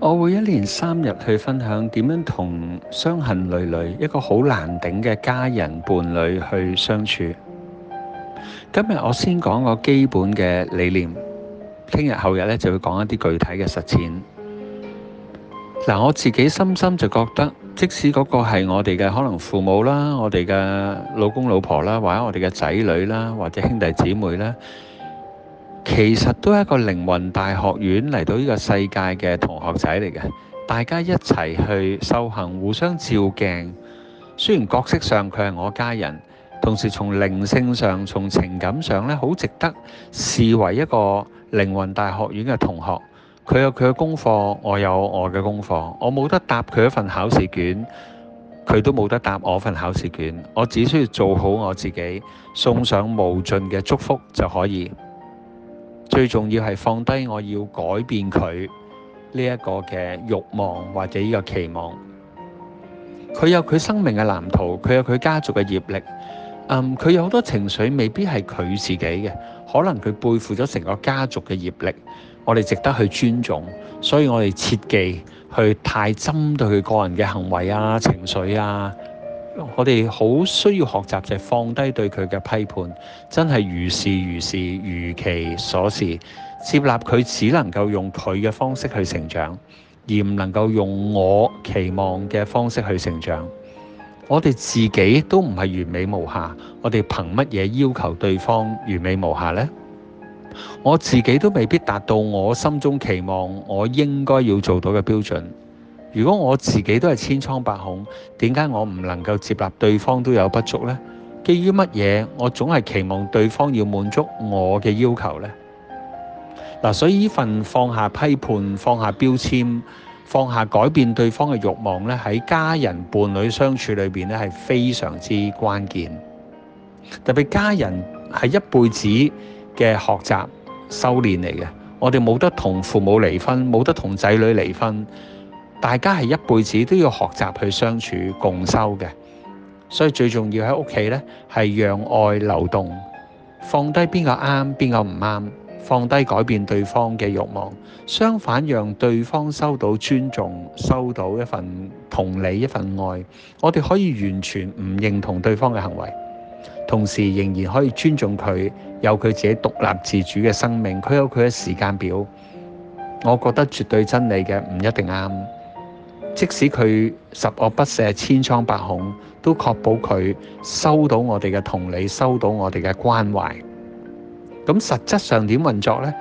我會一連三日去分享點樣同傷痕累累、一個好難頂嘅家人伴侶去相處。今日我先講個基本嘅理念，聽日後日咧就會講一啲具體嘅實踐。嗱，我自己深深就覺得，即使嗰個係我哋嘅可能父母啦，我哋嘅老公老婆啦，或者我哋嘅仔女啦，或者兄弟姊妹啦。其實都係一個靈魂大學院嚟到呢個世界嘅同學仔嚟嘅，大家一齊去修行，互相照鏡。雖然角色上佢係我家人，同時從靈性上、從情感上咧，好值得視為一個靈魂大學院嘅同學。佢有佢嘅功課，我有我嘅功課。我冇得答佢一份考試卷，佢都冇得答我份考試卷。我只需要做好我自己，送上無盡嘅祝福就可以。最重要係放低我要改變佢呢一個嘅慾望或者呢個期望。佢有佢生命嘅藍圖，佢有佢家族嘅業力。嗯，佢有好多情緒未必係佢自己嘅，可能佢背負咗成個家族嘅業力。我哋值得去尊重，所以我哋切忌去太針對佢個人嘅行為啊、情緒啊。我哋好需要學習就係、是、放低對佢嘅批判，真係如是如是如其所是，接納佢只能夠用佢嘅方式去成長，而唔能夠用我期望嘅方式去成長。我哋自己都唔係完美無瑕，我哋憑乜嘢要求對方完美無瑕呢？我自己都未必達到我心中期望，我應該要做到嘅標準。如果我自己都係千瘡百孔，點解我唔能夠接納對方都有不足呢？基於乜嘢？我總係期望對方要滿足我嘅要求呢？嗱、啊，所以呢份放下批判、放下標籤、放下改變對方嘅慾望咧，喺家人伴侶相處裏邊咧，係非常之關鍵。特別家人係一輩子嘅學習修練嚟嘅，我哋冇得同父母離婚，冇得同仔女離婚。大家係一輩子都要學習去相處共修嘅，所以最重要喺屋企呢，係讓愛流動，放低邊個啱邊個唔啱，放低改變對方嘅慾望，相反讓對方收到尊重，收到一份同理，一份愛。我哋可以完全唔認同對方嘅行為，同時仍然可以尊重佢有佢自己獨立自主嘅生命，佢有佢嘅時間表。我覺得絕對真理嘅唔一定啱。即使佢十惡不赦、千瘡百孔，都確保佢收到我哋嘅同理，收到我哋嘅關懷。咁實質上點運作呢？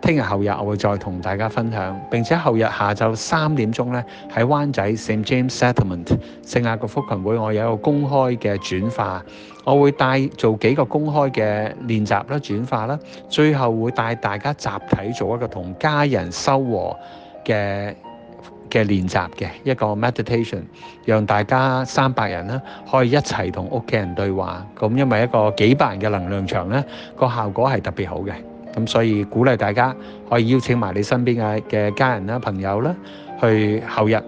聽日後日我會再同大家分享。並且後日下晝三點鐘咧，喺灣仔 St. James Settlement 聖雅各福群會，我有一個公開嘅轉化，我會帶做幾個公開嘅練習啦、轉化啦，最後會帶大家集體做一個同家人修和嘅。嘅練習嘅一個 meditation，讓大家三百人啦，可以一齊同屋企人對話。咁因為一個幾百人嘅能量場呢，個效果係特別好嘅。咁所以鼓勵大家可以邀請埋你身邊嘅嘅家人啦、朋友啦，去後日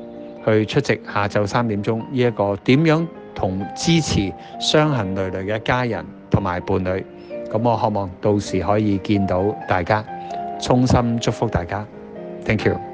去出席下晝三點鐘呢一個點樣同支持傷痕累累嘅家人同埋伴侶。咁我希望到時可以見到大家，衷心祝福大家。Thank you。